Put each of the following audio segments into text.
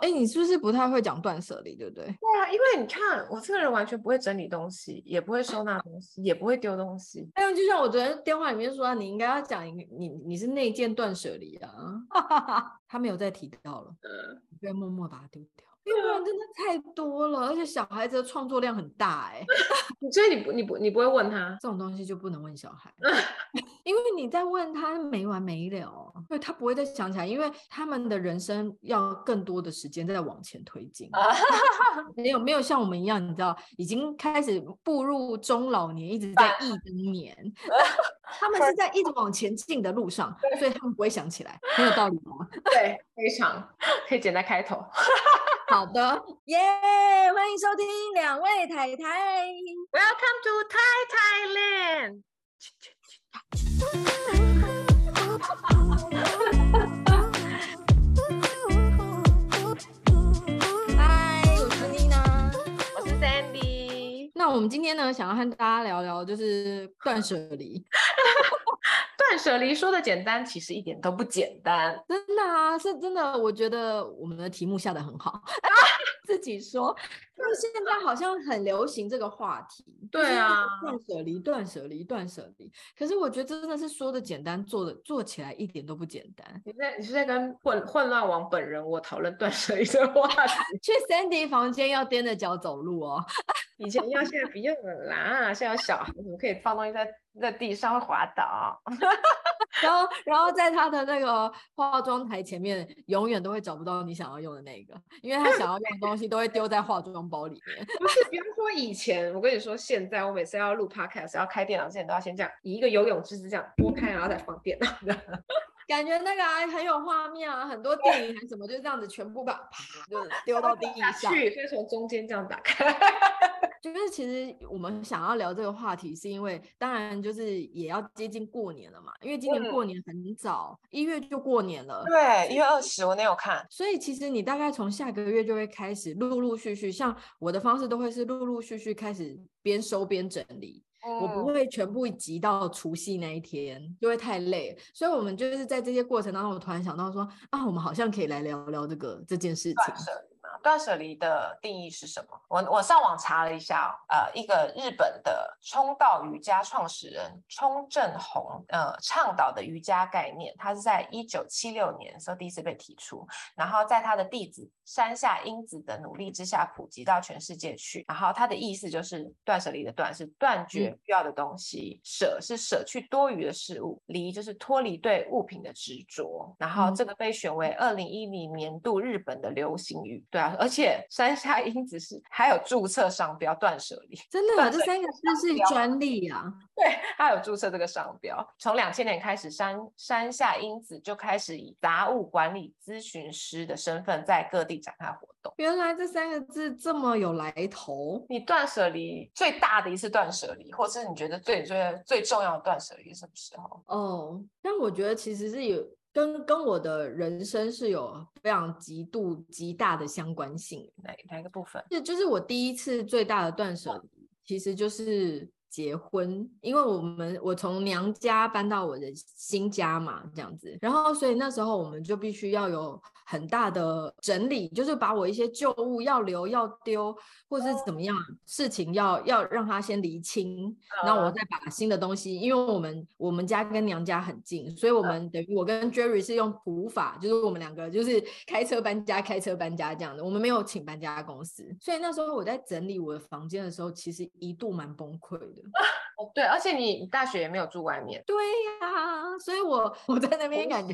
哎、欸，你是不是不太會講斷捨離，對不對？對啊，因為你看我這個人完全不會整理東西，也不會收納東西， 也不會丟東西。哎，就像我昨天電話裡面說、啊，你應該要講一個，你你是內建斷捨離啊。哈哈哈，他沒有再提到了，就、嗯、要默默把它丟掉。哎呦，因為我真的太多了，而且小孩子的創作量很大哎、欸， 所以你不你不你不會問他這種東西就不能問小孩， 因為你在問他沒完沒了，對他不會再想起來，因為他們的人生要更多的時間在往前推進，沒有 沒有像我們一樣，你知道，已經開始步入中老年，一直在憶當年。 他們是在一直往前進的路上，對所以他們不會想起來。很有道理嗎？對，非常可以簡單開頭。 好的，耶、yeah,！歡迎收聽兩位泰台，Welcome to Thai Tai Land。 我們今天呢，想要和大家聊聊，就是斷捨離。斷 捨離說得簡單，其實一點都不簡單，真的啊，是真的。我覺得我們的題目下得很好，啊，自己說。現在好像很流行這個話題，對啊，斷舍離，斷舍離，斷舍離。可是我覺得真的是說的簡單，做的做起來一點都不簡單。你在你是在跟混混亂王本人我討論斷舍離的話題？去 Sandy 房間要踮着腳走路哦。以前要，現在比較了啊不用了啦， 現在有小孩怎麼可以放東西在在地上滑倒？ 然後然後在他的那個化妝台前面，永遠都會找不到你想要用的那個，因為他想要用的東西都會丟在化妝。 包裡面 不是，比如說以前，我跟你說，現在我每次要錄 podcast，要開電腦之前，都要先這樣，以一個游泳姿勢這樣撥開，然後再放電腦。 感覺那個啊，很有畫面啊，很多電影還什麼對就這樣子全部把啪對就丟到地上去，去所以從中間這樣打開， 就是其實我們想要聊這個話題，是因為當然就是也要接近過年了嘛，因為今年過年很早，一、嗯、月就過年了，對，一以月二十我沒有看，所以其實你大概從下個月就會開始陸陸續續，像我的方式都會是陸陸續續開始邊收邊整理。我不會全部擠到除夕那一天，就會太累，所以我們就是在這些過程當中，我突然想到說，啊，我們好像可以來聊聊這個這件事情。斷捨離的定義是什麼？我我上網查了一下、哦、呃，一個日本的沖道瑜伽創始人沖正弘，呃，倡導的瑜伽概念，他是在一九七六年所以第一次被提出，然後在他的弟子山下英子的努力之下普及到全世界去。然後他的意思就是，斷捨離的斷是斷絕需要的東西，嗯、舍是舍去多餘的事物，離就是脫離對物品的執着。然後這個被選為二零一零年度日本的流行語，嗯、對、啊而且山下英子是還有註冊商標斷捨離，真的嗎？這三個字是專利啊。對，他有註冊這個商標。從兩千年開始，山山下英子就開始以雜物管理諮詢師的身份在各地展開活動。原來這三個字這麼有來頭。你斷捨離最大的一次斷捨離，或是你覺得最最最重要的斷捨離什麼時候？哦，但我覺得其實是有。跟跟我的人生是有非常極度極大的相關性，哪一個、哪一個部分？這就是我第一次最大的斷捨離，其實就是。結婚，因為我們我從娘家搬到我的新家嘛，這樣子，然後所以那時候我們就必須要有很大的整理，就是把我一些舊物要留要丟，或是怎麼樣事情要要讓他先理清，然後我再把新的東西，因為我們我們家跟娘家很近，所以我們等於我跟 Jerry 是用古法，就是我們兩個就是開車搬家，開車搬家這樣的，我們沒有請搬家公司，所以那時候我在整理我的房間的時候，其實一度蠻崩潰的。啊，對，而且你，你大學也沒有住外面，對呀、啊，所以我我在那邊感覺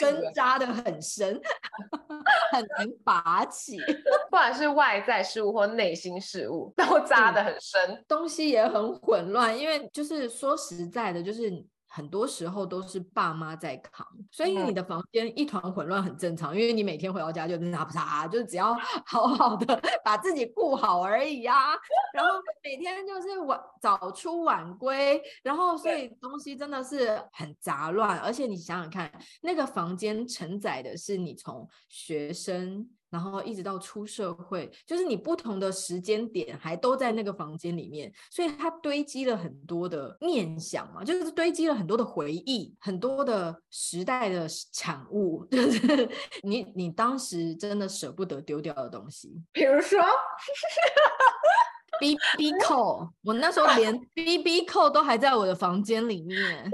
根扎的很深， 很難拔起，不管是外在事物或內心事物都扎的很深、嗯，東西也很混亂，因為就是說實在的，就是。很多時候都是爸媽在扛，所以你的房間一團混亂很正常，因為你每天回到家就那啥，就只要好好的把自己顧好而已呀、啊。然後每天就是晚早出晚歸，然後所以東西真的是很雜亂。對而且你想想看，那個房間承載的是你從學生。然後一直到出社會，就是你不同的時間點還都在那個房間裡面，所以它堆積了很多的念想嘛，就是堆積了很多的回憶，很多的時代的產物，就是你你當時真的捨不得丟掉的東西，比如說 BB Call，我那時候連 BB Call 都還在我的房間裡面。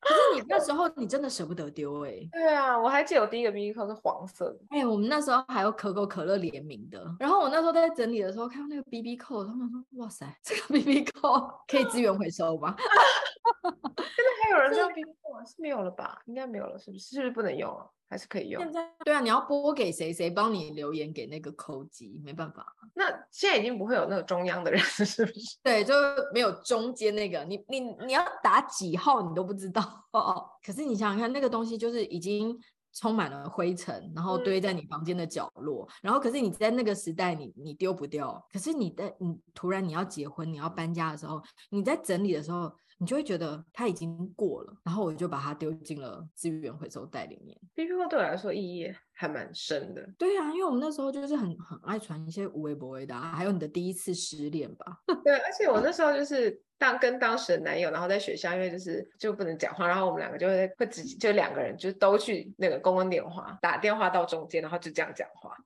可是你那時候你真的捨不得丟？哎、欸，對啊，我還記得我第一個 B B 扣是黃色的，哎、欸，我們那時候還有可口可樂聯名的，然後我那時候在整理的時候看到那個 B B 扣，他們說哇塞，這個 B B 扣可以資源回收嗎？ 現在還有人在冰凍啊？是沒有了吧？應該沒有了，是不是？是不是不能用了？還是可以用？現在對啊，你要撥給誰？誰幫你留言給那個扣機？沒辦法啊，那現在已經不會有那個中央的人，是不是？對，就沒有中間那個，你你你要打幾號你都不知道。哦，可是你想想看，那個東西就是已經。充滿了灰塵，然後堆在你房間的角落。嗯、然後，可是你在那個時代你，你你丟不掉。可是你在你突然你要結婚，你要搬家的時候，你在整理的時候，你就會覺得它已經過了。然後我就把它丟進了資源回收袋裡面。BB Call 對我來說意義還蠻深的。對呀、啊，因為我們那時候就是很很愛傳一些有的沒的、的、啊，還有你的第一次失戀吧。 對，而且我那時候就是。但跟當時的男友，然後在學校，因為就是就不能講話，然後我們兩個就會會自己，就兩個人就都去那個公共電話打電話到中間，然後就這樣講話。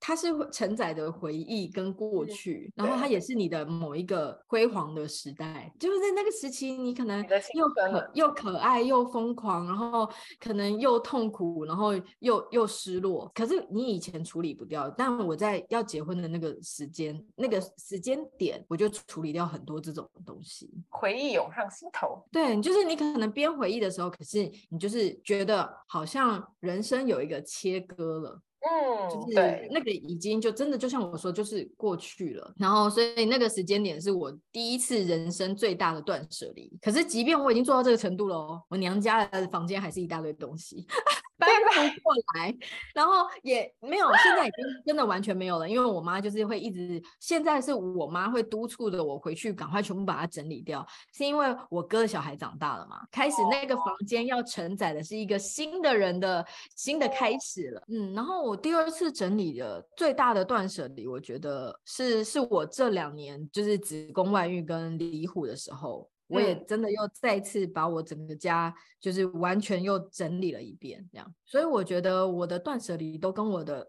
它是承載的回憶跟過去，然後它也是你的某一個輝煌的時代。就是在那個時期，你可能又可又可愛又瘋狂，然後可能又痛苦，然後又又失落。可是你以前處理不掉，但我在要結婚的那個時間，那個時間點，我就處理掉很多這種東西。回憶湧上心頭，對，就是你可能邊回憶的時候，可是你就是覺得好像人生有一個切割了。嗯， 就是那個已經就真的就像我說，就是過去了。然後所以那個時間點是我第一次人生最大的斷捨離。可是即便我已經做到這個程度了，哦，我娘家的房間還是一大堆東西。 搬不過來，然後也沒有，現在已經真的完全沒有了。因為我媽就是會一直，現在是我媽會督促着我回去，趕快全部把它整理掉。是因為我哥的小孩長大了嘛，開始那個房間要承載的是一個新的人的新的開始了。嗯，然後我第二次整理的最大的斷捨離，我覺得是是我這兩年就是子宮外孕跟離婚的時候。我也真的又再次把我整個家就是完全又整理了一遍，這樣，所以我覺得我的斷捨離都跟我的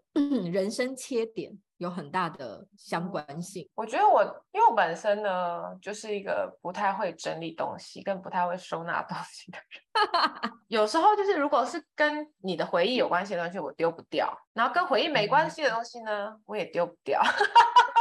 人生切點有很大的相關性。嗯、我覺得我因為我本身呢就是一個不太會整理東西，更不太會收納東西的人。 有時候就是如果是跟你的回憶有關係的東西，我丟不掉；然後跟回憶沒關係的東西呢，嗯、我也丟不掉。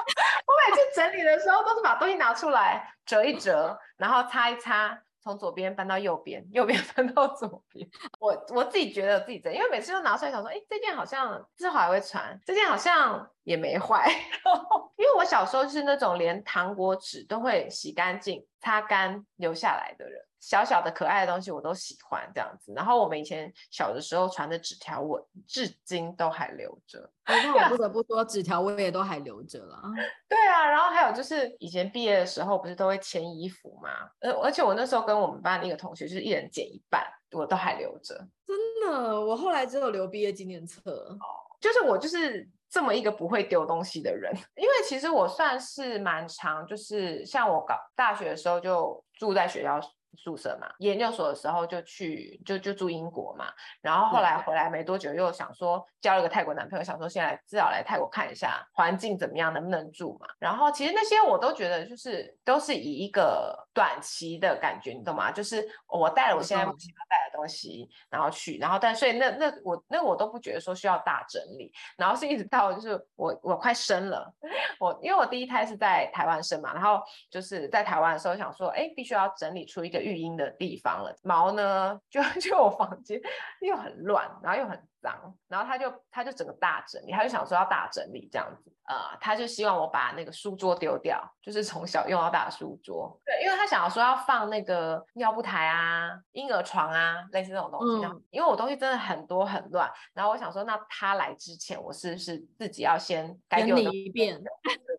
去 整理的時候，都是把東西拿出來折一折，然後擦一擦，從左邊搬到右邊，右邊搬到左邊。我我自己覺得自己整，因為每次都拿出來想說，哎，這件好像就是還會穿，這件好像。也沒壞， 因為我小時候就是那種連糖果紙都會洗乾淨、擦乾留下來的人。小小的可愛的東西我都喜歡這樣子。然後我們以前小的時候傳的紙條，我至今都還留着。那我不得不說，紙條我也都還留着了。對啊，然後還有就是以前畢業的時候，不是都會簽衣服嗎？呃，而且我那時候跟我們班的一個同學，就是一人剪一半，我都還留着。真的，我後來只有留畢業紀念冊。Oh, 就是我就是。這麼一個不會丟東西的人，因為其實我算是蠻常，就是像我搞大學的時候就住在學校。宿舍嘛，研究所的時候就去就就住英國嘛，然後後來回來沒多久又想說交了個泰國男朋友，嗯、想說先來至少來泰國看一下環境怎麼樣，能不能住嘛。然後其實那些我都覺得就是都是以一個短期的感覺，你懂嗎？就是我帶了我現在不需要帶的東西，嗯、然後去，然後但所以那那我那我都不覺得說需要大整理，然後是一直到就是我我快生了，我因為我第一胎是在台灣生嘛，然後就是在台灣的時候想說哎必須要整理出一個。育嬰的地方了，毛呢就就我房間又很亂，然後又很。髒，然後他就他就整個大整理，他就想說要大整理這樣子啊，呃，他就希望我把那個書桌丟掉，就是從小用到大的書桌。對，因為他想要說要放那個尿布台啊、嬰兒床啊，類似這種東西。嗯。因為我東西真的很多很亂，然後我想說，那他來之前，我是不是，是自己要先整理一遍，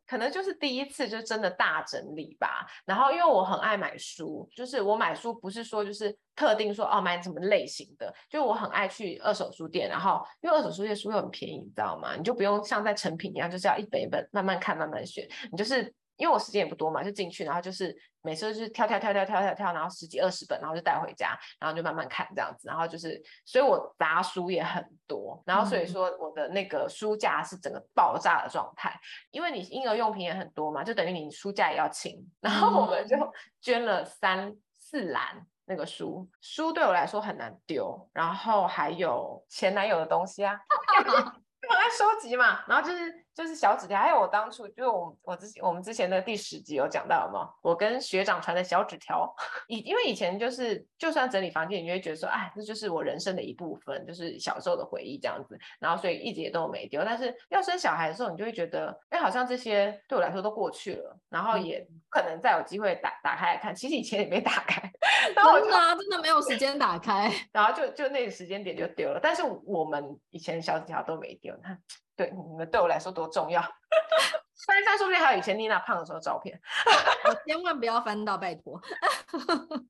可能就是第一次就真的大整理吧。然後因為我很愛買書，就是我買書不是說就是。特定說哦買什麼類型的，就我很愛去二手書店，然後因為二手書店書又很便宜，你知道嗎？你就不用像在誠品一樣，就是要一本一本慢慢看慢慢選。你就是因為我時間也不多嘛，就進去，然後就是每次就是挑挑挑挑挑挑挑，然後十幾二十本，然後就帶回家，然後就慢慢看這樣子，然後就是，所以我雜書也很多，然後所以說我的那個書架是整個爆炸的狀態，因為你嬰兒用品也很多嘛，就等於你書架也要清，然後我們就捐了三、嗯、四籃。那個書書對我來說很難丟，然後還有前男友的東西啊，我在 收集嘛，然後就是。就是小紙條，還有我當初就我，就是我我之前我們之前的第十集有講到嗎？我跟學長傳的小紙條，以因為以前就是，就算整理房間，你就會覺得說，哎，這就是我人生的一部分，就是小時候的回憶這樣子。然後所以一直也都沒丟。但是要生小孩的時候，你就會覺得，哎，好像這些對我來說都過去了，然後也不可能再有機會打打開來看。其實以前也沒打開，我真的、啊、真的沒有時間打開，然後就就那個時間點就丟了。但是我們以前小紙條都沒丟，你看。你們對我來說多重要！翻翻說不定還有以前妮娜胖的時候的照片，我千萬不要翻到，拜托！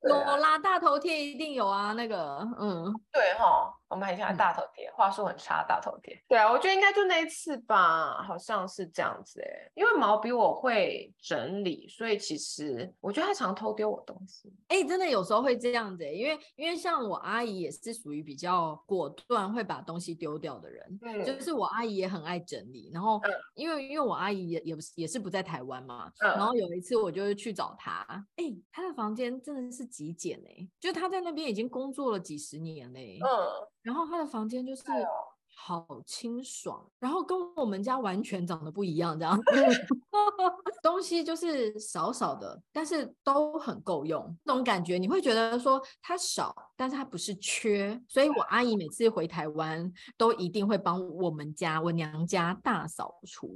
有啦，大頭貼一定有啊，那個，嗯，對哈、哦。我們很像大頭貼，嗯、話術很差，大頭貼。對啊，我覺得應該就那一次吧，好像是這樣子哎、欸。因為毛比我會整理，所以其實我覺得他常偷丟我東西。哎、欸，真的有時候會這樣子、欸，因為因為像我阿姨也是屬於比較果斷，會把東西丟掉的人。嗯、就是我阿姨也很愛整理，然後、嗯、因為因為我阿姨也也不是也是不在台灣嘛。嗯、然後有一次我就去找她，哎、欸，她的房間真的是極簡哎、欸，就是她在那邊已經工作了幾十年嘞、欸。嗯。然後他的房間就是好清爽，哎、呦然後跟我們家完全長得不一樣，這樣 東西就是少少的，但是都很夠用，那種感覺你會覺得說它少，但是他不是缺，所以我阿姨每次回台灣都一定會幫我們家我娘家大掃除，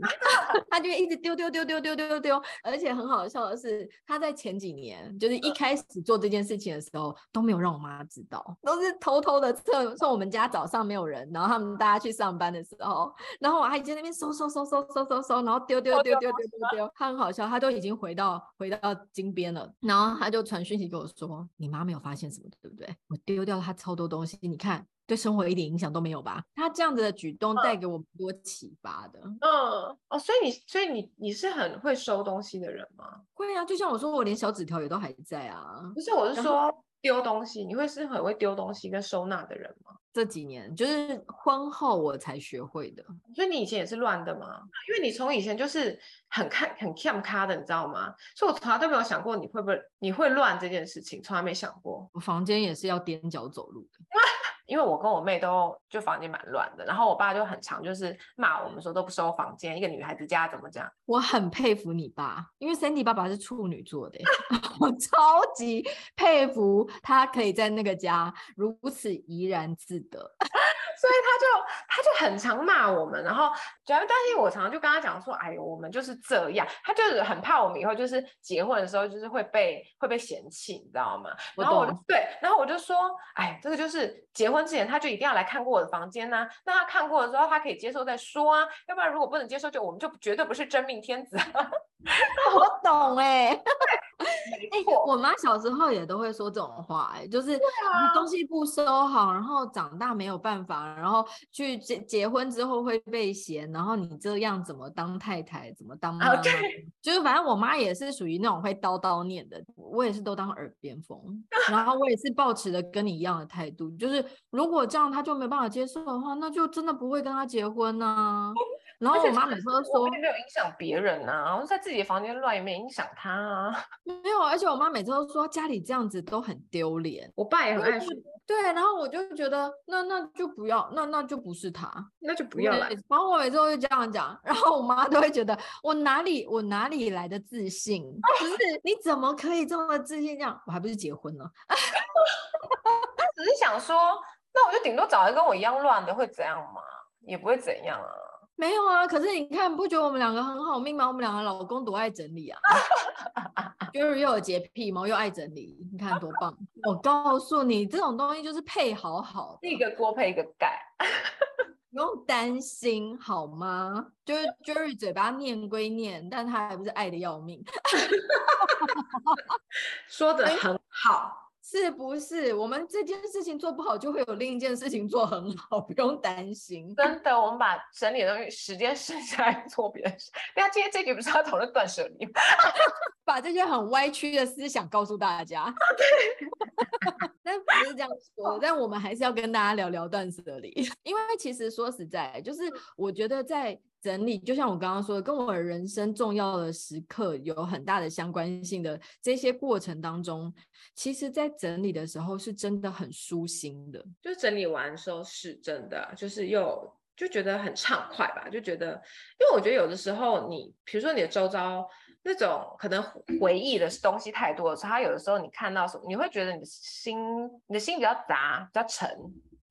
他就一直丟丢丢丢丢丢丢丢，而且很好笑的是，他在前幾年就是一開始做這件事情的時候都沒有讓我媽知道，都是偷偷的，趁趁我們家早上沒有人，然後他們大家去上班的時候，然後我阿姨在那邊收收收收收收收，然後丟丢丢丢丢丢丢，他很好笑，他都已經回到回到金邊了，然後他就傳訊息給我說，你媽沒有發現什麼，對不對？丟掉了他超多東西，你看對生活一點影響都沒有吧？他這樣子的舉動帶給我很多啟發的嗯。嗯，哦，所以你，所以你，你是很會收東西的人嗎？會啊，就像我說，我連小紙條也都還在啊。不是，我是說。丟東西，你會是很會丟東西跟收納的人嗎？這幾年就是婚後我才學會的。所以你以前也是亂的嗎？因為你從以前就是很看很看卡、卡、卡的，你知道嗎？所以我從來都沒有想過你會不你會亂這件事情，從來沒想過。我房間也是要踮腳走路的。 因為我跟我妹都就房間蠻亂的，然後我爸就很常就是罵我們說都不收房間，一個女孩子家怎麼這樣？我很佩服你爸，因為 Sandy 爸爸是處女座的， 我超級佩服他可以在那個家如此怡然自得， 所以他就他就很常罵我們，然後主要擔心我，常常就跟他講說，哎呦，我們就是這樣，他就是很怕我們以後就是結婚的時候就是會被會被嫌棄，你知道嗎？懂然後我就對，然後我就說，哎，這個就是結婚。婚之前他就一定要來看過我的房間呢，啊，那他看過了之後，他可以接受再說啊，要不然如果不能接受就，就我們就絕對不是真命天子，啊、 我懂哎，欸。 欸，我媽小時候也都會說這種話，哎，就是你東西不收好，然後長大沒有辦法，然後去結結婚之後會被嫌，然後你這樣怎麼當太太，怎麼當媽？Okay. 就是反正我媽也是屬於那種會叨叨念的，我也是都當耳邊風。 然後我也是抱持着跟你一樣的態度，就是如果這樣她就沒辦法接受的話，那就真的不會跟她結婚啊。然後我媽每次都說，說沒有影響別人啊，我在自己房間亂也沒影響她啊。沒有，而且我媽每次都說家裡這樣子都很丟臉，我爸也很愛說。對，然後我就覺得那那就不要，那那就不是他，那就不要了。然後我每次都會這樣講，然後我媽都會覺得我哪裡我哪裡來的自信？她只是，你怎麼可以這麼自信？這樣，哎、我還不是結婚了？她 只是想說，那我就頂多找一個跟我一樣亂的，會怎樣嘛？也不會怎樣啊。沒有啊，可是你看，不覺得我們兩個很好命嗎？我們兩個老公多愛整理啊 ，Jerry 又有潔癖嘛，又愛整理，你看多棒！我告訴你，這種東西就是配好好，一個鍋配一個蓋，不 用擔心好嗎？就是 Jerry 嘴巴念歸念，但他還不是愛得要命， 說得很好。是不是我們這件事情做不好，就會有另一件事情做很好？不用擔心，真的。我們把整理的東西時間省下來做別的事。對啊，今天這局不是要討論斷捨離嗎？ 把這些很歪曲的思想告訴大家。Okay. 但不是這樣說 但我們還是要跟大家聊聊斷捨離，因為其實說實在，就是我覺得在。整理就像我剛剛說的，跟我人生重要的時刻有很大的相關性的這些過程當中，其實在整理的時候是真的很舒心的，就整理完的時候是真的，就是又就覺得很暢快吧，就覺得，因為我覺得有的時候你，比如說你的周遭那種可能回憶的東西太多的時候，他有的時候你看到什麼，你會覺得你的心，你的心比較雜，比較沉。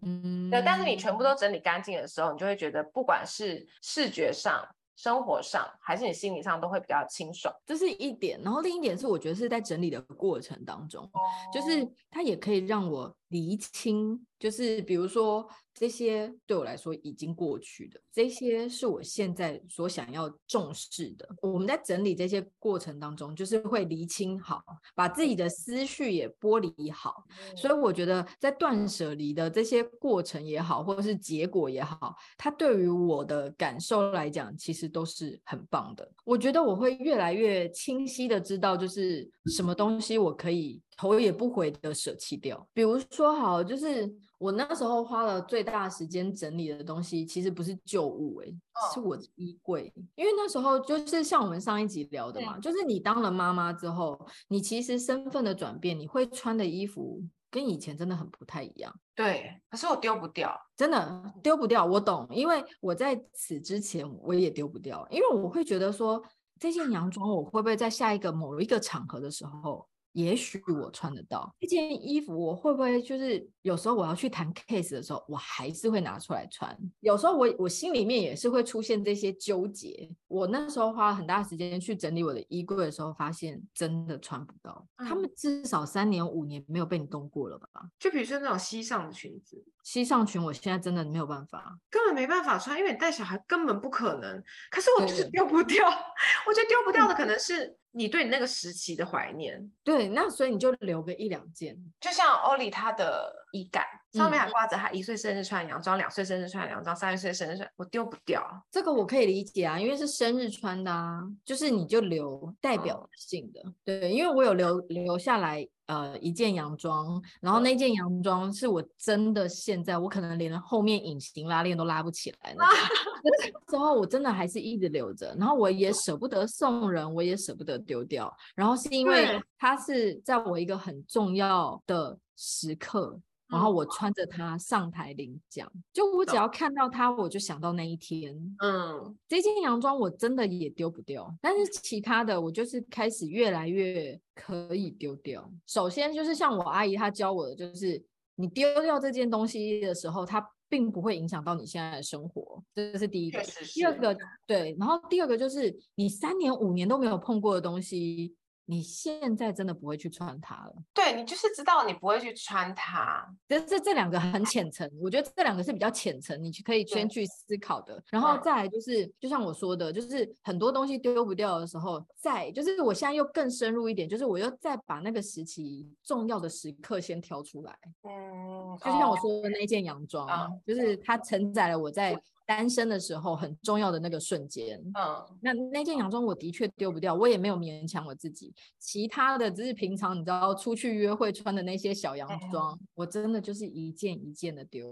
嗯，對，但是你全部都整理乾淨的時候，你就會覺得，不管是視覺上、生活上，還是你心理上，都會比較清爽，這是一點。然後另一點是，我覺得是在整理的過程當中，哦、就是它也可以讓我釐清。就是比如說這些對我來說已經過去的，這些是我現在所想要重視的。我們在整理這些過程當中，就是會釐清好，把自己的思緒也剝離好。所以我覺得，在斷捨離的這些過程也好，或者是結果也好，它對於我的感受來講，其實都是很棒的。我覺得我會越來越清晰的知道，就是什麼東西我可以。頭也不回的捨棄掉，比如說好，就是我那時候花了最大時間整理的東西，其實不是舊物哎，欸，哦，是我的衣櫃，因為那時候就是像我們上一集聊的嘛，對就是你當了媽媽之後，你其實身份的轉變，你會穿的衣服跟以前真的很不太一樣。對，可是我丟不掉，真的丟不掉。我懂，因為我在此之前我也丟不掉，因為我會覺得說這件洋裝我會不會在下一個某一個場合的時候。也許我穿得到這件衣服，我會不會就是有時候我要去談 case 的時候，我還是會拿出來穿。有時候我我心裡面也是會出現這些糾結。我那時候花了很大時間去整理我的衣櫃的時候，發現真的穿不到。嗯。他們至少三年五年沒有被你動過了吧？就比如說那種膝上的裙子。西上裙，我現在真的沒有辦法，根本沒辦法穿，因為你帶小孩根本不可能。可是我就是丟不掉，對 我覺得丟不掉的可能是你對你那個時期的懷念。嗯、對，那所以你就留個一兩件，就像歐里她的衣桿，上面還掛着她一歲生日穿的洋裝，嗯、兩歲生日穿的洋裝，三歲生日穿的，我丟不掉。這個我可以理解啊，因為是生日穿的啊，就是你就留代表性的。嗯、對，因為我有留留下來。呃，一件洋裝，然後那件洋裝是我真的現在我可能連後面隱形拉鏈都拉不起來了，那個。那 時候我真的還是一直留着，然後我也捨不得送人，我也捨不得丟掉。然後是因為它是在我一個很重要的時刻。然後我穿着它上台領獎，就我只要看到它，我就想到那一天。嗯，這件洋裝我真的也丟不掉，但是其他的我就是開始越來越可以丟掉。首先就是像我阿姨她教我的，就是你丟掉這件東西的時候，它並不會影響到你現在的生活。這是第一個。第二個，對，然後第二個就是你三年五年都沒有碰過的東西。你現在真的不會去穿它了，對，你就是知道你不會去穿它，這這這兩個很淺層，我覺得這兩個是比較淺層，你去可以先去思考的，對然後再來就是就像我說的，就是很多東西丟不掉的時候，再就是我現在又更深入一點，就是我又再把那個時期重要的時刻先挑出來，嗯，就像我說的那一件洋裝，嗯、就是它承載了我在。單身的時候很重要的那個瞬間，嗯，那那件洋裝我的確丟不掉，我也沒有勉強我自己，其他的只是平常你知道出去約會穿的那些小洋裝，哎呦，我真的就是一件一件的丟。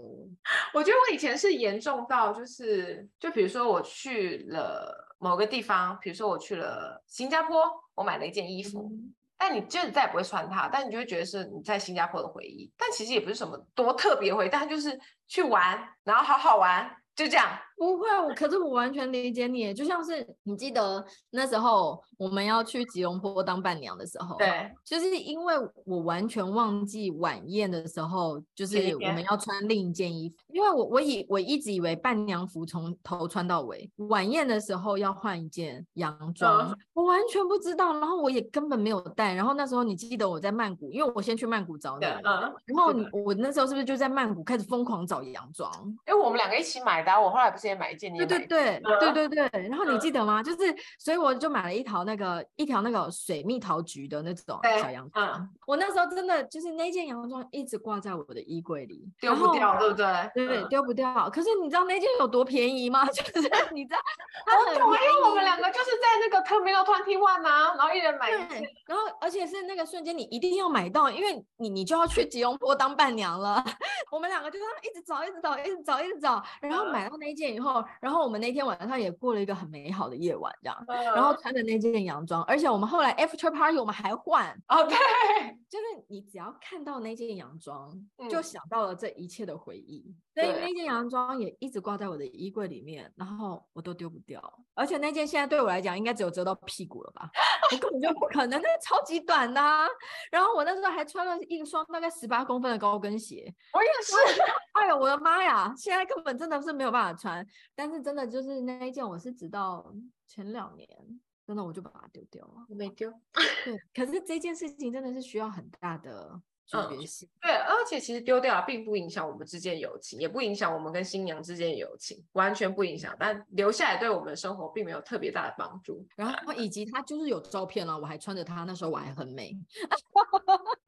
我覺得我以前是嚴重到就是，就比如說我去了某個地方，比如說我去了新加坡，我買了一件衣服，嗯，但你就是再也不會穿它，但你就會覺得是你在新加坡的回憶，但其實也不是什麼多特別回憶，但就是去玩，然後好好玩。就這樣。 不會，我可是我完全理解你，就像是你記得那時候我們要去吉隆坡當伴娘的時候，對，就是因為我完全忘記晚宴的時候，就是我們要穿另一件衣服，嗯嗯、因為我我以我一直以為伴娘服從頭穿到尾，晚宴的時候要換一件洋裝，嗯、我完全不知道，然後我也根本沒有帶，然後那時候你記得我在曼谷，因為我先去曼谷找你，嗯、然後我那時候是不是就在曼谷開始瘋狂找洋裝？因為我們兩個一起買的、啊，我後來不是。買一，你買一件，對對對，嗯、對對對。然後你記得嗎？嗯、就是，所以我就買了一條那個一條那個水蜜桃橘的那種小洋裝。欸嗯、我那時候真的就是那件洋裝一直掛在我的衣櫃裡，丟不掉，然後、然後、對不對？對對，丟、嗯、不掉。可是你知道那件有多便宜嗎？就是你知道， 因為我們兩個就是在那個 Terminal Twenty One、啊、然後一人買一件，然後而且是那個瞬間你一定要買到，因為你你就要去吉隆坡當伴娘了。 我們兩個就一直找，一直找，一直找，一直找，然後買到那件。然後，然後我們那天晚上也過了一個很美好的夜晚，這樣。然後穿着那件洋裝，而且我們後來 after party 我們還換。OK，就是你只要看到那件洋裝，就想到了這一切的回憶。嗯、所以那件洋裝也一直掛在我的衣櫃裡面，然後我都丟不掉。而且那件現在對我來講，應該只有遮到屁股了吧？我根本就不可能，那超級短的啊。然後我那時候還穿了一雙大概十八公分的高跟鞋。我也是，哎呦我的媽呀！現在根本真的是沒有辦法穿。但是真的就是那一件，我是直到前兩年，真的我就把它丟掉了。我沒丟。 對，可是這件事情真的是需要很大的決絕心、嗯、對，而且其實丟掉並不影響我們之間友情，也不影響我們跟新娘之間友情，完全不影響。但留下來對我們生活並沒有特別大的幫助。然後以及它就是有照片啊，我還穿着它，那時候我還很美。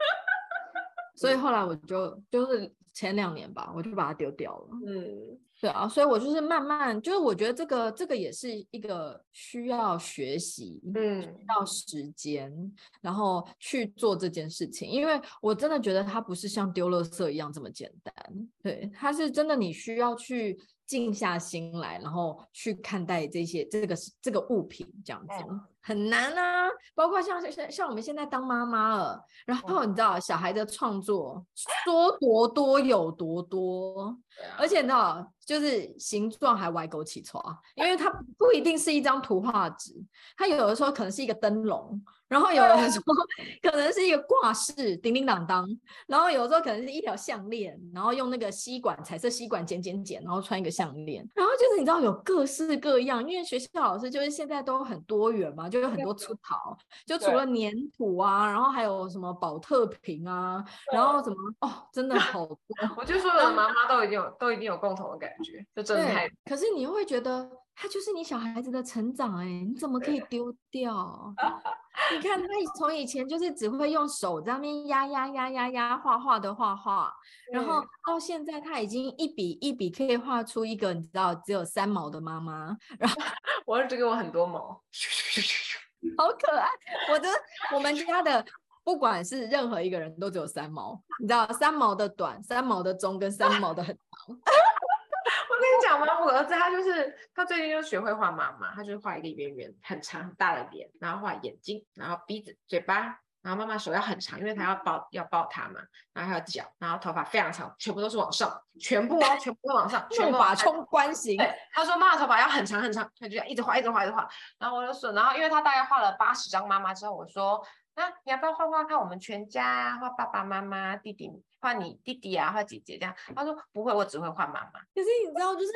所以後來我就就是前兩年吧，我就把它丟掉了。嗯。對啊，所以我就是慢慢，就是我覺得這個這個也是一個需要學習，嗯，需要時間，然後去做這件事情，因為我真的覺得它不是像丟垃圾一樣這麼簡單，對，它是真的你需要去靜下心來，然後去看待這些這個這個物品這樣子。很難啊，包括像像像我們現在當媽媽了，然後你知道，小孩的創作說多多有多多，Yeah. 而且你知道，就是形狀還歪勾起床，因為它不一定是一張圖畫紙，它有的時候可能是一個燈籠，然後有的時候可能是一個掛飾，叮叮噹噹，然後有的時候可能是一條項鏈然後用那個吸管，彩色吸管剪剪剪，然後穿一個項鏈然後就是你知道有各式各樣，因為學校老師就是現在都很多元嘛，就。有很多出逃，就除了粘土啊，對然後還有什麼保特瓶啊，啊然後什麼哦，真的好多。 我就說，媽媽都已經有， 都已經有共同的感覺，就真的可是你會覺得。他就是你小孩子的成長哎、欸，你怎麼可以丟掉？啊、你看他從以前就是只會用手在那壓壓壓壓壓畫畫的畫畫，對然後到現在他已經一筆一筆可以畫出一個你知道只有三毛的媽媽。然後我兒子給我很多毛，好可愛！我的我們家的不管是任何一個人都只有三毛，你知道三毛的短、三毛的中跟三毛的很長。啊我跟你講嘛，我兒子他就是他最近就學會畫媽媽，他就畫一個圓圓、很長、很大的臉，然後畫眼睛，然後鼻子、嘴巴，然後媽媽手要很長，因為他要抱要抱他嘛，然後還有腳，然後頭髮非常長，全部都是往上，全部哦，全部都往上， 全怒髮衝冠型。他說媽媽頭髮要很長很長，他就這樣一直畫一直畫一直畫。然後我就說，然後因為他大概畫了八十張媽媽之後，我說。那、啊、你要不要畫畫看我們全家，畫爸爸媽媽、弟弟，畫你弟弟啊，畫姐姐這樣。他說不會，我只會畫媽媽。可是你知道，就是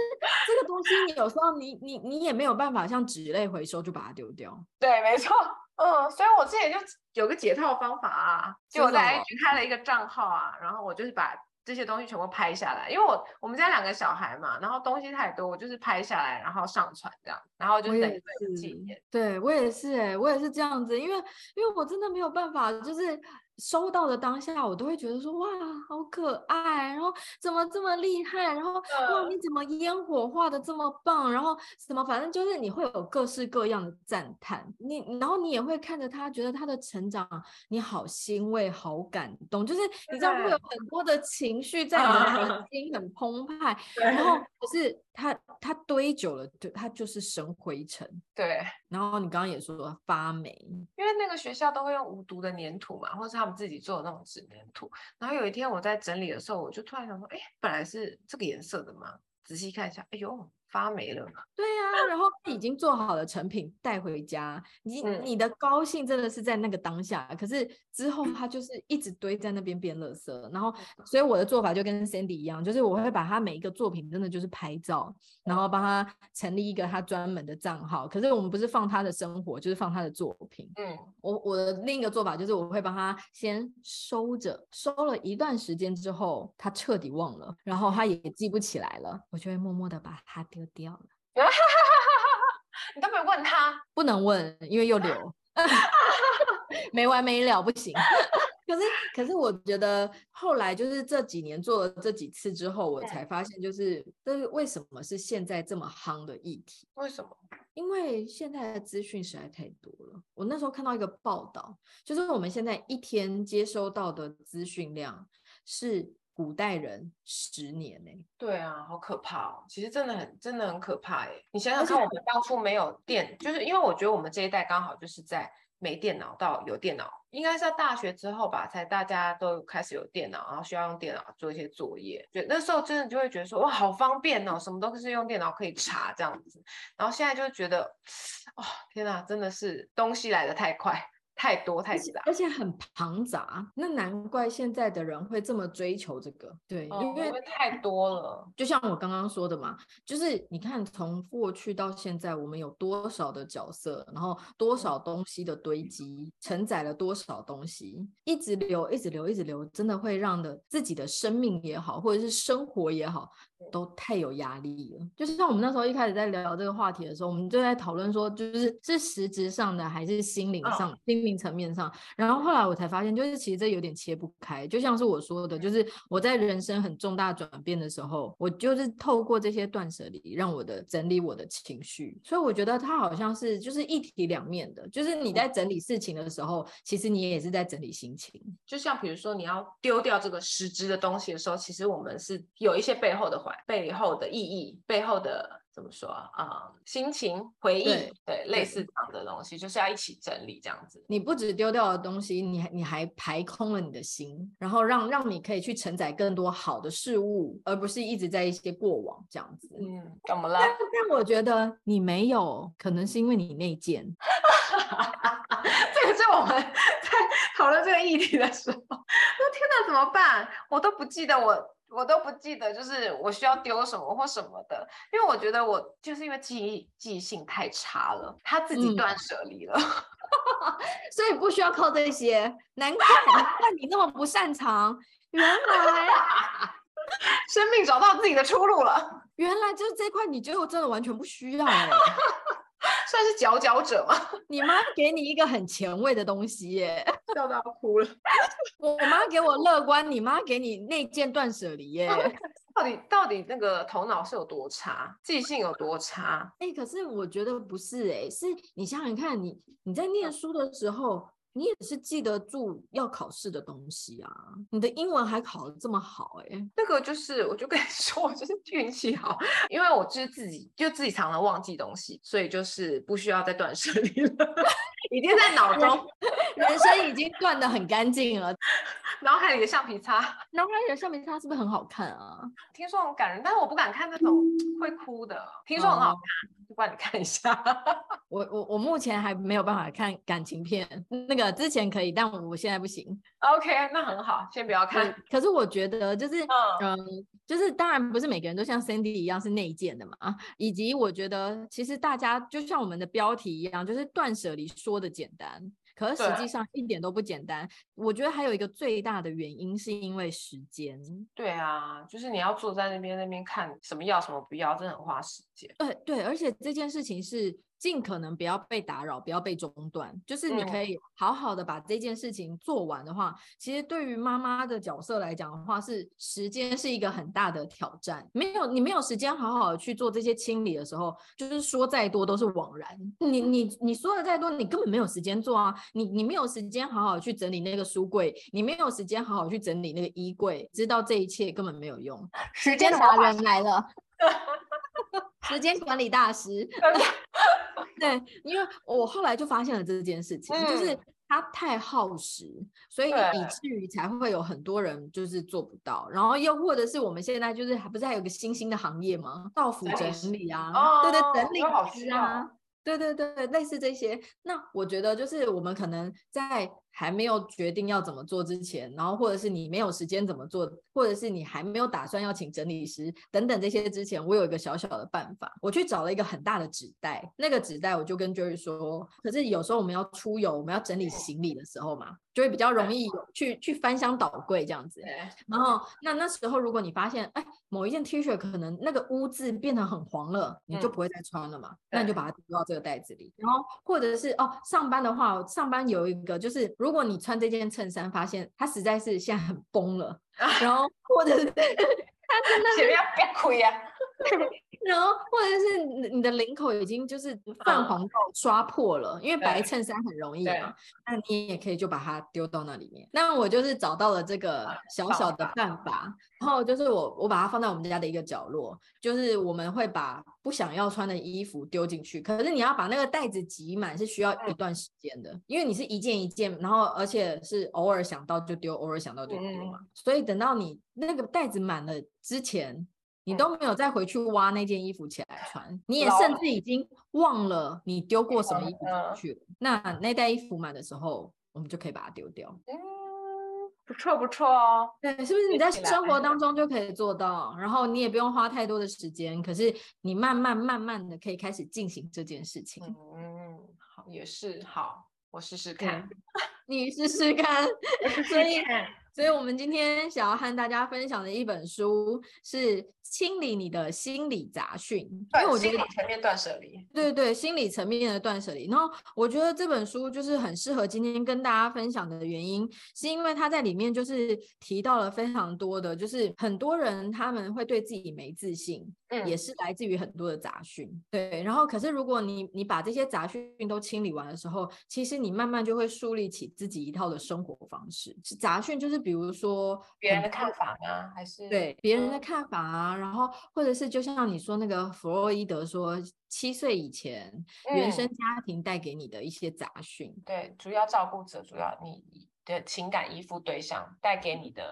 這個東西，你有時候你 你你也沒有辦法像紙類回收就把它丟掉。對，沒錯。嗯，所以我之前就有個解套方法啊，就在 IG 開了一個賬號啊，然後我就是把。這些東西全部拍下來，因為我我們家兩個小孩嘛，然後東西太多，我就是拍下來，然後上傳這樣，然後就等一份紀念。對我也是，我也是，我也是這樣子，因為因為我真的沒有辦法，就是。收到的當下，我都會覺得說，哇，好可愛，然後怎麼這麼厲害，然後哇，你怎麼煙火畫的這麼棒，然後什麼，反正就是你會有各式各樣的讚嘆，你然後你也會看着他，覺得他的成長，你好欣慰，好感動，就是你知道會有很多的情緒在你的心對很澎湃，對然後可是。它它堆久了，對，它就是生灰塵。對，然後你剛剛也說發霉，因為那個學校都會用無毒的粘土嘛，或是他們自己做的那種紙粘土。然後有一天我在整理的時候，我就突然想說，哎，本來是這個顏色的嘛，仔細看一下，哎呦。發霉了，對呀、啊，然後已經做好了成品帶回家，你你的高興真的是在那個當下，可是之後他就是一直堆在那邊變垃圾。然後所以我的做法就跟 Sandy 一樣，就是我會把他每一個作品真的就是拍照，然後幫他成立一個他專門的賬號可是我們不是放他的生活，就是放他的作品。嗯，我我的另一個做法就是我會幫他先收着，收了一段時間之後，他徹底忘了，然後他也記不起來了，我就會默默的把他。就掉了， 你都沒有問他，不能問，因為又留， 沒完沒了，不行。 可是，可是我覺得後來就是這幾年做了這幾次之後，我才發現，就是，這對是為什麼是現在這麼夯的議題？為什麼？因為現在的資訊實在太多了。我那時候看到一個報道，就是我們現在一天接收到的資訊量是。五代人十年呢、欸？對啊，好可怕哦！其實真的很，真的很可怕誒。你想想看，我們當初沒有電，且就是因為我覺得我們這一代剛好就是在沒電腦到有電腦，應該是在大學之後吧，才大家都開始有電腦，然後需要用電腦做一些作業。對，那時候真的就會覺得說，哇，好方便哦，什麼都是用電腦可以查這樣子。然後現在就覺得，哦，天哪，真的是東西來得太快。太多太複了，而且很龐雜，那難怪現在的人會這麼追求這個。對，哦，因為太多了。就像我剛剛說的嘛，就是你看，從過去到現在，我們有多少的角色，然後多少東西的堆積，承載了多少東西，一直留，一直留，一直留，真的會讓的自己的生命也好，或者是生活也好。都太有壓力了，就是像我們那時候一開始在聊聊這個話題的時候，我們就在討論說，就是是實質上的還是心靈上、心靈層面上。然後後來我才發現，就是其實這有點切不開。就像是我說的，就是我在人生很重大轉變的時候，我就是透過這些斷捨離，讓我的整理我的情緒。所以我覺得它好像是就是一體兩面的，就是你在整理事情的時候，其實你也是在整理心情。就像比如說你要丟掉這個實質的東西的時候，其實我們是有一些背後的背後的意義，背後的怎麼說啊、嗯？心情、回憶，對，對類似這樣的東西，對就是要一起整理這樣子。你不只丟掉的東西，你你還排空了你的心，然後讓讓你可以去承載更多好的事物，而不是一直在一些過往這樣子。嗯，怎麼了？但但我覺得你沒有，可能是因為你內建。 這個是我們在討論這個議題的時候，我天哪，怎麼辦？我都不記得我。我都不記得，就是我需要丟什麼或什麼的，因為我覺得我就是因為記憶記性太差了，他自己斷捨離了，嗯、 所以不需要靠這些。難怪，難怪 你那麼不擅長，原來 生命找到自己的出路了。原來就是這塊，你就真的完全不需要、欸。 算是佼佼者嗎？你媽給你一個很前衛的東西耶、欸，笑到哭了。 我媽給我樂觀， 你媽給你那件斷捨離耶。到底到底那個頭腦是有多差，記性有多差？哎、欸，可是我覺得不是哎、欸，是你想想看你你在念書的時候。你也是記得住要考試的東西啊！你的英文還考得這麼好、欸，哎，那個就是，我就跟你說，我就是運氣好，因為我就是自己就自己常常忘記東西，所以就是不需要再斷捨離了， 已經在腦中，人 生已經斷得很乾淨了，腦海裡的橡皮擦，腦海裡的橡皮擦是不是很好看啊？聽說很感人，但是我不敢看那種會哭的，嗯、聽說很好看。哦。幫你看一下 我，我我我目前還沒有辦法看感情片，那個之前可以，但我現在不行。OK，那很好，先不要看。可是我覺得，就是嗯，嗯，就是當然不是每個人都像 Sandy 一樣是內建的嘛，啊，以及我覺得其實大家就像我們的標題一樣，就是斷捨離說的簡單。可實際上一點都不簡單，啊、我覺得還有一個最大的原因是因為時間。對啊，就是你要坐在那邊那邊看什麼要什麼不要，真的很花時間。對、呃、對，而且這件事情是。盡可能不要被打擾，不要被中斷。就是你可以好好的把這件事情做完的話，嗯、其實對於媽媽的角色來講的話是，是時間是一個很大的挑戰。沒有，你沒有時間好好的去做這些清理的時候，就是說再多都是枉然。你你你說的再多，你根本沒有時間做啊！你你沒有時間好好的去整理那個書櫃，你沒有時間好好的去整理那個衣櫃，知道這一切根本沒有用。時間達人來了。 時間管理大師， 對，因為我後來就發現了這件事情，嗯、就是它太耗時，所以以至於才會有很多人就是做不到。對然後又或者是我們現在就是還不是還有個新興的行業嗎？到府整理啊，對對，整理師啊，對對對，類似這些。那我覺得就是我們可能在。還沒有決定要怎麼做之前，然後或者是你沒有時間怎麼做，或者是你還沒有打算要請整理師等等這些之前，我有一個小小的辦法，我去找了一個很大的紙袋，那個紙袋我就跟 Joy 說，可是有時候我們要出遊，我們要整理行李的時候嘛，就會比較容易去去翻箱倒櫃這樣子。Okay. 然後那那時候如果你發現，哎，某一件 T 恤可能那個污漬變得很黃了，你就不會再穿了嘛，Okay. 那你就把它丟到這個袋子裡。然後或者是哦，上班的話，上班有一個就是。如果你穿這件襯衫，發現它實在是現在很崩了，啊、然後或者是它 真的，前要不虧啊？然後，或者是你的領口已經就是泛黃到刷破了，因為白襯衫很容易嘛、啊。那你也可以就把它丟到那裡面。那我就是找到了這個小小的辦法，啊、考考然後就是我我把它放在我們家的一個角落，就是我們會把不想要穿的衣服丟進去。可是你要把那個袋子擠滿是需要一段時間的，對因為你是一件一件，然後而且是偶爾想到就丟，偶爾想到就丟嘛。嗯、所以等到你那個袋子滿了之前，你都沒有再回去挖那件衣服起來穿，嗯、你也甚至已經忘了你丟過什麼衣服出去。嗯、那那袋衣服滿的時候，我們就可以把它丟掉。嗯，不錯不錯哦。對，是不是你在生活當中就可以做到？然後你也不用花太多的時間，可是你慢慢慢慢的可以開始進行這件事情。嗯，好，也是好，我試試看， 你試試看，我試試看。 所以我們今天想要和大家分享的一本書是《清理你的心理雜訊》，對因為我覺得心理層面斷捨離。對對，心理層面的斷捨離。然後我覺得這本書就是很適合今天跟大家分享的原因，是因為它在裡面就是提到了非常多的，就是很多人他們會對自己沒自信，嗯、也是來自於很多的雜訊，對。然後，可是如果你你把這些雜訊都清理完的時候，其實你慢慢就會樹立起自己一套的生活方式。雜訊就是比如說別人的看法啊，還是對別、嗯、人的看法啊？然後或者是就像你說那個弗洛伊德說，七歲以前原生家庭帶給你的一些雜訊、嗯，對，主要照顧者，主要你的情感依附對象帶給你的。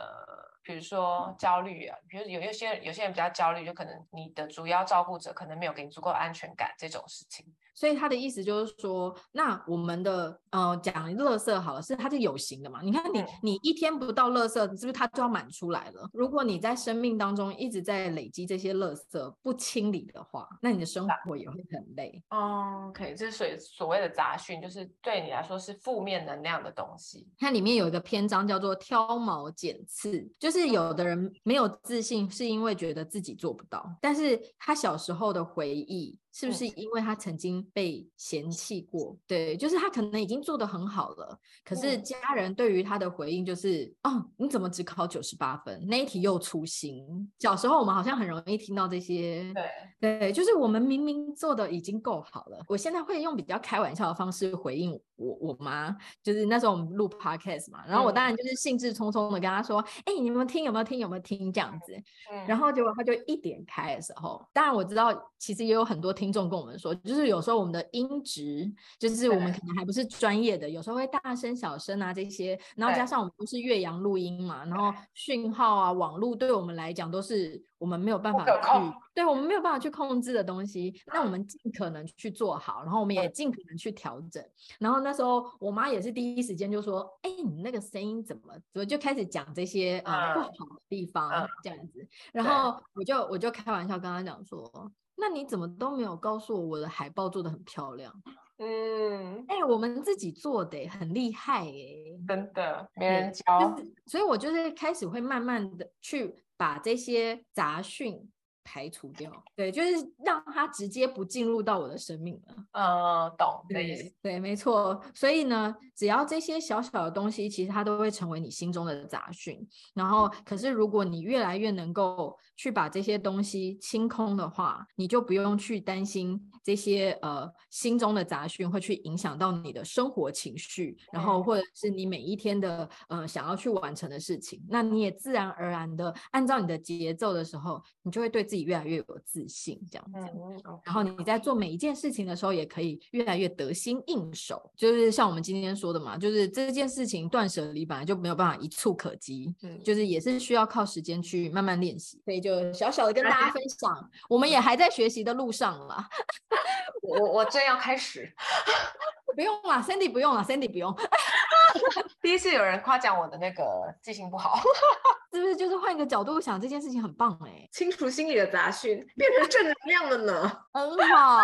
比如說焦慮啊，比如有有些人有些人比較焦慮，就可能你的主要照顧者可能沒有給你足夠安全感這種事情。所以他的意思就是說，那我們的呃講垃圾好了，是它是有形的嘛？你看你、嗯、你一天不到垃圾，是不是它就要滿出來了？如果你在生命當中一直在累積這些垃圾不清理的話，那你的生活也會很累。哦可以。Okay, 這所所謂的雜訊就是對你來說是負面能量的東西。它裡面有一個篇章叫做挑毛剪刺，就是有的人沒有自信，是因為覺得自己做不到，但是他小時候的回憶。是不是因為他曾經被嫌棄過？對，就是他可能已經做得很好了，可是家人對於他的回應就是，哦，你怎麼只考九十八分？那一題又粗心。小時候我們好像很容易聽到這些，對對，就是我們明明做的已經夠好了，我現在會用比較開玩笑的方式回應我。我我媽就是那時候我們錄 podcast 嘛，然後我當然就是興致沖沖的跟她說：“哎、嗯欸，你們聽有沒有聽有沒有聽這樣子？”嗯、然後結果她就一點開的時候，當然我知道，其實也有很多聽眾跟我們說，就是有時候我們的音質，就是我們可能還不是專業的，嗯、有時候會大聲小聲啊這些，然後加上我們不是越洋錄音嘛，然後訊號啊網絡對我們來講都是。我們沒有辦法去，哦、對我們沒有辦法去控制的東西，那、嗯、我們盡可能去做好，然後我們也盡可能去調整。嗯、然後那時候我媽也是第一時間就說：“哎、欸，你那個聲音怎麼怎麼就開始講這些啊、呃嗯、不好的地方、嗯、這樣子？”然後我就對我就開玩笑跟他講說：“那你怎麼都沒有告訴我我的海報做的很漂亮？”嗯，哎、欸，我們自己做的、欸、很厲害耶、欸，真的沒人教 yeah,、就是，所以我就是開始會慢慢的去。把這些雜訊排除掉，對，就是讓他直接不進入到我的生命了。呃、嗯，懂，對，對，對，沒錯。所以呢，只要這些小小的東西，其實它都會成為你心中的雜訊。然後，可是如果你越來越能夠。去把這些東西清空的話，你就不用去擔心這些呃心中的雜訊會去影響到你的生活情緒，然後或者是你每一天的呃想要去完成的事情，那你也自然而然的按照你的節奏的時候，你就會對自己越來越有自信，這樣子。然後你在做每一件事情的時候，也可以越來越得心應手。就是像我們今天說的嘛，就是這件事情斷捨離本來就沒有辦法一蹴可及，就是也是需要靠時間去慢慢練習，所以就小小的跟大家分享，哎、我們也還在學習的路上了。 我我正要開始， 不用了，Sandy 不用了，Sandy 不用。 第一次有人誇獎我的那個記性不好， 是不是？就是換一個角度想，這件事情很棒誒、欸？清除心裡的雜訊，變成正能量了呢。 很好，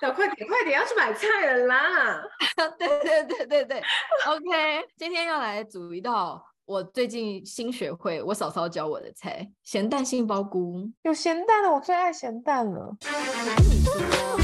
小 快點快點，要去買菜了啦。 對對對對對，OK，今天要來煮一道。我最近新學會我嫂嫂教我的菜，鹹蛋杏鮑菇，有鹹蛋的，我最愛鹹蛋了。